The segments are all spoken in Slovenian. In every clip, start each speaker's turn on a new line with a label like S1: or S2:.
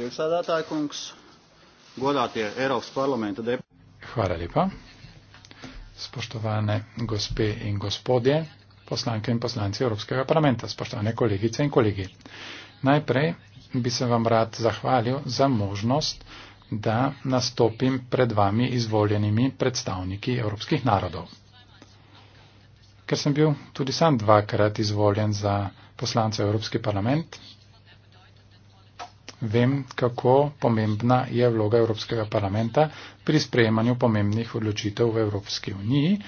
S1: Priekšsēdētāji kungs, godātie Eiropas parlamenta deputāti. Spoštovane gospe in gospodje, poslanke in poslanci Evropskega parlamenta, spoštovane kolegice in kolegi. Najprej bi se vam rad zahvalil za možnost, da nastopim pred vami izvoljenimi predstavniki evropskih narodov. Ker sem bil tudi sam dvakrat izvoljen za poslanca Evropski parlament, vem, kako pomembna je vloga Evropskega parlamenta pri sprejemanju pomembnih odločitev v Evropski uniji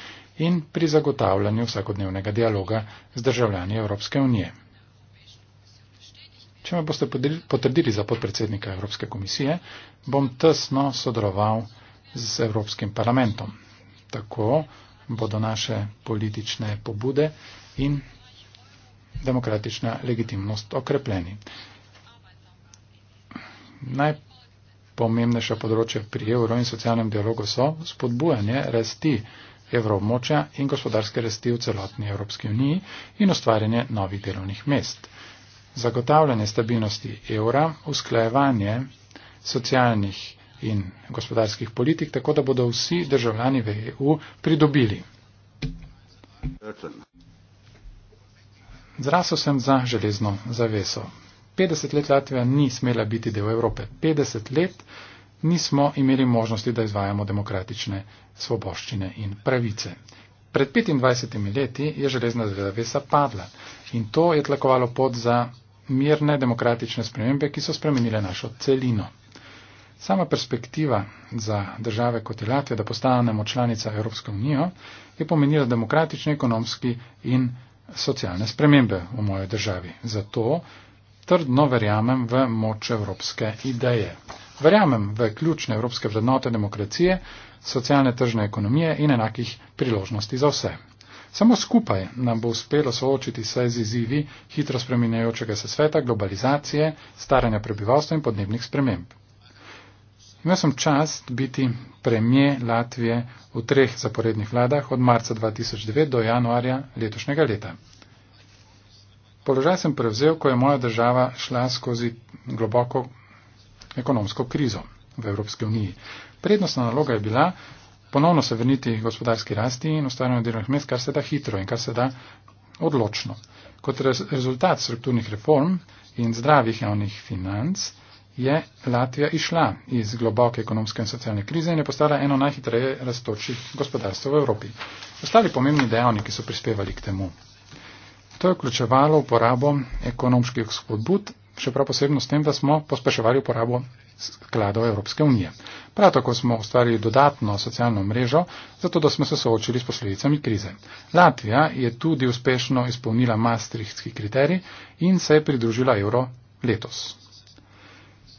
S1: in pri zagotavljanju vsakodnevnega dialoga z državljani Evropske unije. Če me boste potrdili za podpredsednika Evropske komisije, bom tesno sodeloval z Evropskim parlamentom. Tako bodo naše politične pobude in demokratična legitimnost okrepljeni. Najpomembnejša področja pri evro in socialnem dialogu so spodbujanje rasti evromoča in gospodarske rasti v celotni Evropski uniji in ustvarjanje novih delovnih mest. Zagotavljanje stabilnosti evra, usklajevanje socialnih in gospodarskih politik, tako da bodo vsi državljani v EU pridobili. Zrasel sem za železno zaveso. 50 let Latvija ni smela biti del Evrope. 50 let nismo imeli možnosti, da izvajamo demokratične svoboščine in pravice. Pred 25 leti je železna zavesa padla in to je tlakovalo pot za mirne demokratične spremembe, ki so spremenile našo celino. Sama perspektiva za države kot je Latvija, da postanemo članica Evropske unije, je pomenila demokratične, ekonomske in socialne spremembe v moji državi. Zato trdno verjamem v moč evropske ideje. Verjamem v ključne evropske vrednote demokracije, socialne tržne ekonomije in enakih priložnosti za vse. Samo skupaj nam bo uspelo soočiti se z izzivi hitro spreminjajočega se sveta, globalizacije, staranja prebivalstva in podnebnih sprememb. Imel sem čast biti premije Latvije v treh zaporednih vladah od marca 2009 do januarja letošnjega leta. Položaj sem prevzel, ko je moja država šla skozi globoko ekonomsko krizo v Evropski uniji. Prednostna naloga je bila ponovno se vrniti gospodarski rasti in ustvarjanju delovnih mest, kar se da hitro in kar se da odločno. Kot rezultat strukturnih reform in zdravih javnih financ je Latvija išla iz globoke ekonomske in socialne krize in je postala eno najhitreje rastočih gospodarstv v Evropi. Ostali pomembni dejavniki so prispevali k temu. To je vključevalo uporabo ekonomskih spodbud, še prav posebno s tem, da smo pospeševali uporabo skladov Evropske unije. Prav tako smo ustvarili dodatno socialno mrežo, zato da smo se soočili s posledicami krize. Latvija je tudi uspešno izpolnila maastrichtski kriterij in se je pridružila evro letos.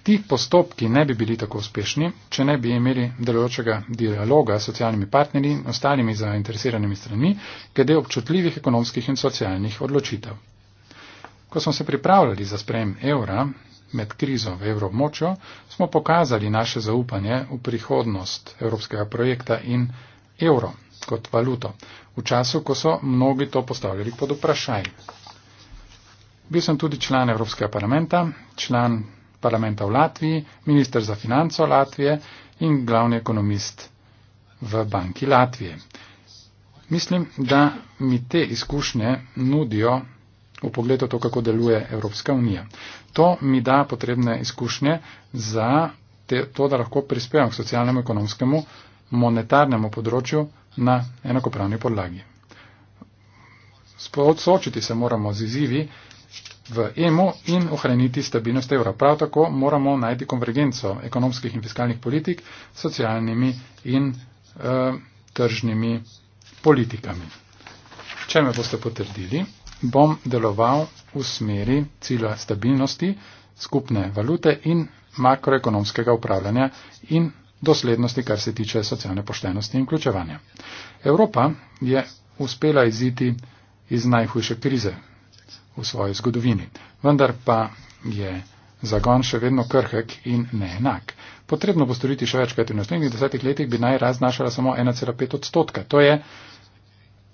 S1: Ti postopki ne bi bili tako uspešni, če ne bi imeli delujočega dialoga s socialnimi partnerji in ostalimi zainteresiranimi stranmi, glede občutljivih ekonomskih in socialnih odločitev. Ko smo se pripravljali za sprejem evra med krizo v evroobmočjo, smo pokazali naše zaupanje v prihodnost evropskega projekta in evro kot valuto, v času, ko so mnogi to postavljali pod vprašaj. Bil sem tudi član Evropskega parlamenta, član parlamenta v Latviji, minister za financo Latvije in glavni ekonomist v banki Latvije. Mislim, da mi te izkušnje nudijo v pogledu to, kako deluje Evropska unija. To mi da potrebne izkušnje za te, to, da lahko prispevam k socialnemu, ekonomskemu, monetarnemu področju na enakopravni podlagi. Spodsočiti se moramo z izzivi, v EMU in ohraniti stabilnost evra. Prav tako moramo najti konvergenco ekonomskih in fiskalnih politik s socialnimi in e, tržnimi politikami. Če me boste potrdili, bom deloval v smeri cilja stabilnosti skupne valute in makroekonomskega upravljanja in doslednosti, kar se tiče socialne poštenosti in vključevanja. Evropa je uspela iziti iz najhujše krize, v svoji zgodovini. Vendar pa je zagon še vedno krhek in neenak. Potrebno bo storiti še več, kaj v naslednjih desetih letih bi naj raznašala samo 1,5 odstotka. To je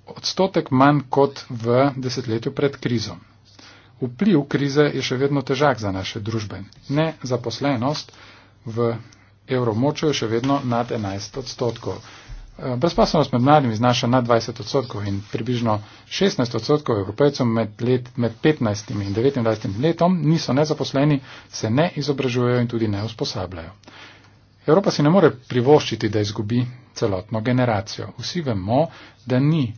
S1: odstotek manj kot v desetletju pred krizo. Vpliv krize je še vedno težak za naše družbe. Nezaposlenost v evromočju je še vedno nad 11 odstotkov. Eh, Brezposobnost med mladimi znaša nad 20 odstotkov in približno 16 odstotkov evropejcev med, let, med 15 in 29 letom niso nezaposleni, se ne izobražujejo in tudi ne usposabljajo. Evropa si ne more privoščiti, da izgubi celotno generacijo. Vsi vemo, da ni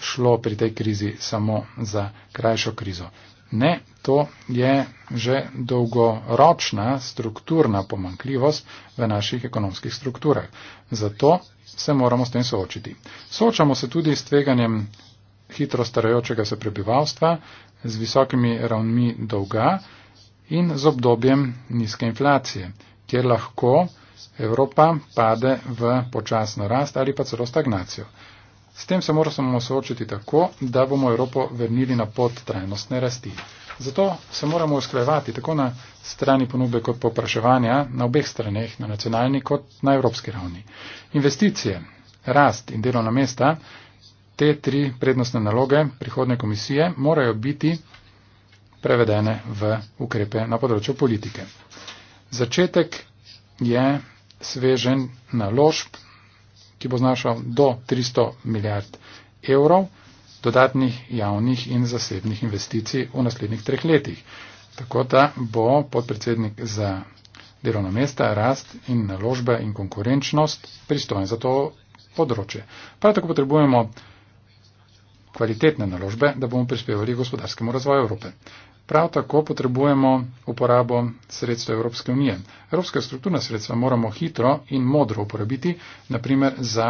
S1: šlo pri tej krizi samo za krajšo krizo. Ne, to je že dolgoročna strukturna pomankljivost v naših ekonomskih strukturah. Zato se moramo s tem soočiti. Soočamo se tudi s tveganjem hitro starajočega se prebivalstva, z visokimi ravnmi dolga in z obdobjem nizke inflacije, kjer lahko Evropa pade v počasno rast ali pa celo stagnacijo. S tem se moramo soočiti tako, da bomo Evropo vrnili na pot trajnostne rasti. Zato se moramo usklajevati tako na strani ponudbe kot popraševanja na obeh straneh, na nacionalni kot na evropski ravni. Investicije, rast in delovna mesta, te tri prednostne naloge prihodne komisije morajo biti prevedene v ukrepe na področju politike. Začetek je svežen naložb ki bo znašal do 300 milijard evrov dodatnih javnih in zasebnih investicij v naslednjih treh letih. Tako da bo podpredsednik za delovna mesta, rast in naložbe in konkurenčnost pristojen za to področje. Prav tako potrebujemo kvalitetne naložbe, da bomo prispevali gospodarskemu razvoju Evrope. Prav tako potrebujemo uporabo sredstva Evropske unije. Evropska strukturna sredstva moramo hitro in modro uporabiti, naprimer za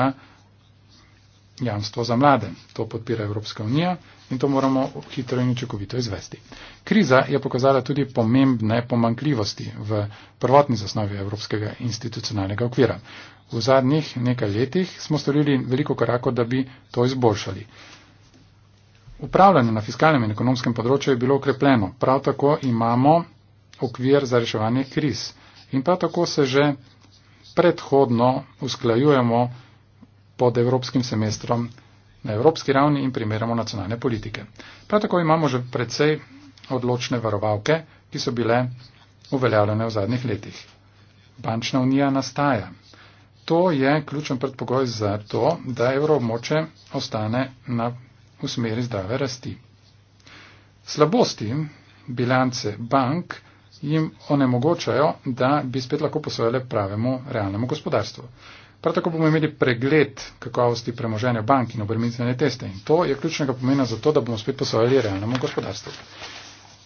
S1: jamstvo za mlade. To podpira Evropska unija in to moramo hitro in učinkovito izvesti. Kriza je pokazala tudi pomembne pomankljivosti v prvotni zasnovi Evropskega institucionalnega okvira. V zadnjih nekaj letih smo storili veliko korako, da bi to izboljšali. Upravljanje na fiskalnem in ekonomskem področju je bilo okrepljeno. Prav tako imamo okvir za reševanje kriz. In prav tako se že predhodno usklajujemo pod evropskim semestrom na evropski ravni in primerjamo nacionalne politike. Prav tako imamo že predvsej odločne varovalke, ki so bile uveljavljene v zadnjih letih. Bančna unija nastaja. To je ključen predpogoj za to, da evroobmoče ostane na v smeri zdrave rasti. Slabosti bilance bank jim onemogočajo, da bi spet lahko posojale pravemu realnemu gospodarstvu. Prav tako bomo imeli pregled kakovosti premoženja bank in obremenitvene teste in to je ključnega pomena za to, da bomo spet posojali realnemu gospodarstvu.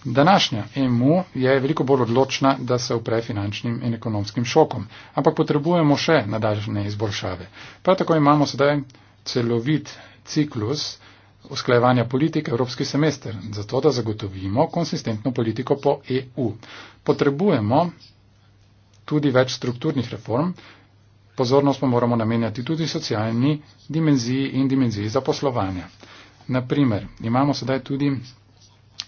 S1: Današnja EMU je veliko bolj odločna, da se upre finančnim in ekonomskim šokom, ampak potrebujemo še nadaljne izboljšave. Prav tako imamo sedaj celovit ciklus, usklajevanja politik Evropski semester, zato da zagotovimo konsistentno politiko po EU. Potrebujemo tudi več strukturnih reform, pozornost pa moramo namenjati tudi socialni dimenziji in dimenziji zaposlovanja. Naprimer, imamo sedaj tudi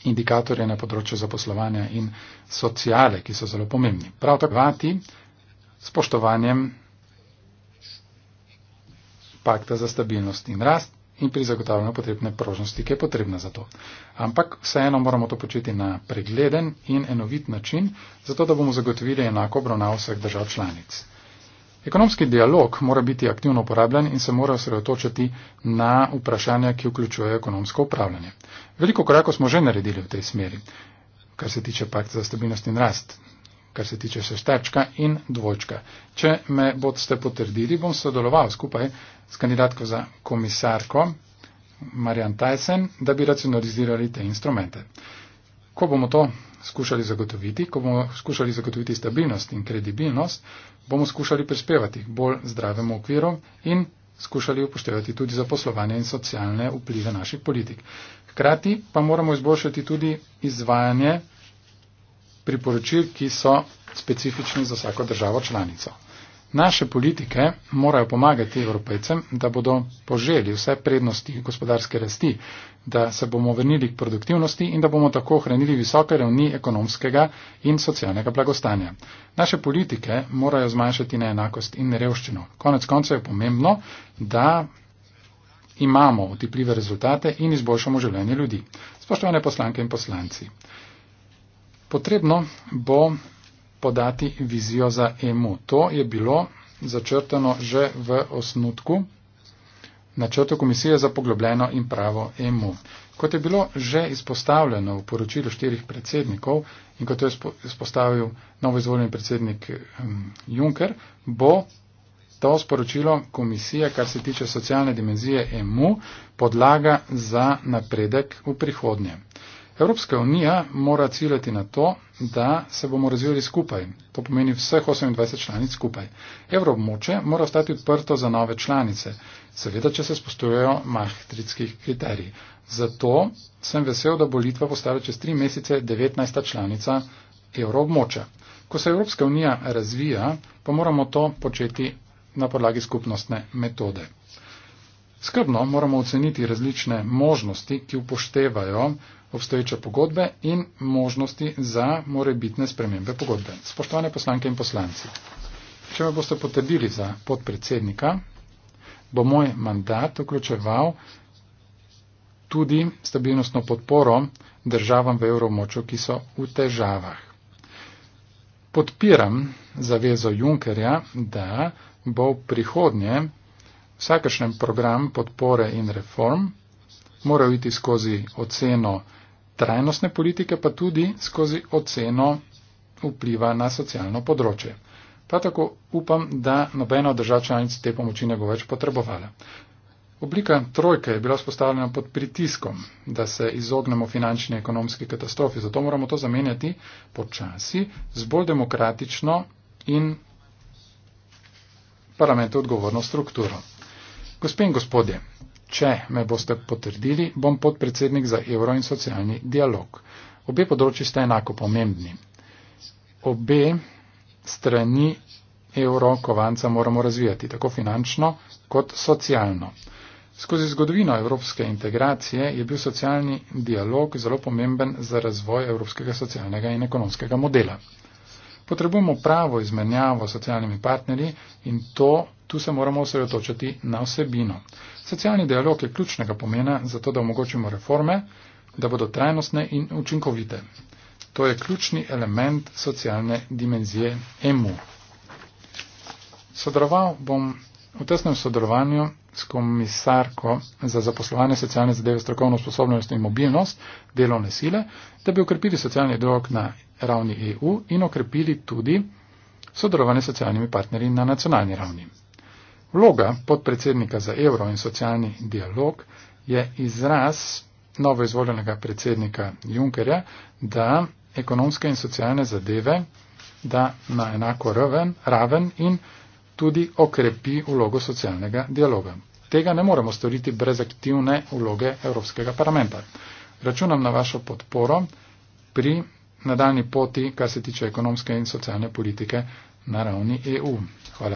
S1: indikatorje na področju zaposlovanja in sociale, ki so zelo pomembni. Prav tako vati spoštovanjem pakta za stabilnost in rast in pri zagotavljanju potrebne prožnosti, ki je potrebna za to. Ampak vseeno moramo to početi na pregleden in enovit način, zato da bomo zagotovili enako obravnav vseh držav članic. Ekonomski dialog mora biti aktivno uporabljen in se mora osredotočiti na vprašanja, ki vključujejo ekonomsko upravljanje. Veliko korakov smo že naredili v tej smeri, kar se tiče pakta za stabilnost in rast kar se tiče šestačka in dvojčka. Če me boste potrdili, bom sodeloval skupaj s kandidatko za komisarko Marjan Tyson, da bi racionalizirali te instrumente. Ko bomo to skušali zagotoviti, ko bomo skušali zagotoviti stabilnost in kredibilnost, bomo skušali prispevati k bolj zdravemu okviru in skušali upoštevati tudi zaposlovanje in socialne vplive naših politik. Hkrati pa moramo izboljšati tudi izvajanje priporočil, ki so specifični za vsako državo članico. Naše politike morajo pomagati evropejcem, da bodo poželi vse prednosti gospodarske rasti, da se bomo vrnili k produktivnosti in da bomo tako ohranili visoke ravni ekonomskega in socialnega blagostanja. Naše politike morajo zmanjšati neenakost in revščino. Konec konca je pomembno, da imamo otipljive rezultate in izboljšamo življenje ljudi. Spoštovane poslanke in poslanci, Potrebno bo podati vizijo za EMU. To je bilo začrteno že v osnutku načrta Komisije za poglobljeno in pravo EMU. Kot je bilo že izpostavljeno v poročilu štirih predsednikov in kot je izpostavil novoizvoljen predsednik Juncker, bo to sporočilo komisije, kar se tiče socialne dimenzije EMU, podlaga za napredek v prihodnje. Evropska unija mora ciljati na to, da se bomo razvijali skupaj. To pomeni vseh 28 članic skupaj. Evroobmoče mora ostati odprto za nove članice, seveda, če se spostujejo mahtritskih kriterij. Zato sem vesel, da bo Litva postala čez tri mesece 19. članica evroobmoča. Ko se Evropska unija razvija, pa moramo to početi na podlagi skupnostne metode. Skrbno moramo oceniti različne možnosti, ki upoštevajo obstoječe pogodbe in možnosti za morebitne spremembe pogodbe. Spoštovane poslanke in poslanci, če me boste potrdili za podpredsednika, bo moj mandat vključeval tudi stabilnostno podporo državam v evromočju, ki so v težavah. Podpiram zavezo Junkerja, da bo v prihodnje Vsakešen program podpore in reform mora iti skozi oceno trajnostne politike, pa tudi skozi oceno vpliva na socialno področje. Prav tako upam, da nobena od držav članic te pomoči ne bo več potrebovala. Oblika trojke je bila vzpostavljena pod pritiskom, da se izognemo finančni ekonomski katastrofi, zato moramo to zamenjati počasi z bolj demokratično in parlamentu odgovorno strukturo. Gospe in gospodje, če me boste potrdili, bom podpredsednik za evro in socialni dialog. Obe področji sta enako pomembni. Obe strani evro kovanca moramo razvijati, tako finančno kot socialno. Skozi zgodovino evropske integracije je bil socialni dialog zelo pomemben za razvoj evropskega socialnega in ekonomskega modela potrebujemo pravo izmenjavo s socialnimi partnerji in to, tu se moramo osredotočiti na osebino. Socialni dialog je ključnega pomena za to, da omogočimo reforme, da bodo trajnostne in učinkovite. To je ključni element socialne dimenzije EMU. Sodeloval bom v tesnem sodelovanju s komisarko za zaposlovanje socialne zadeve, strokovno sposobnost in mobilnost delovne sile, da bi okrepili socialni dolg na ravni EU in okrepili tudi sodelovanje s socialnimi partnerji na nacionalni ravni. Vloga podpredsednika za evro in socialni dialog je izraz novo izvoljenega predsednika Junckerja, da ekonomske in socialne zadeve da na enako raven, raven in tudi okrepi vlogo socialnega dialoga. Tega ne moremo storiti brez aktivne vloge Evropskega parlamenta. Računam na vašo podporo pri nadaljni poti, kar se tiče ekonomske in socialne politike na ravni EU.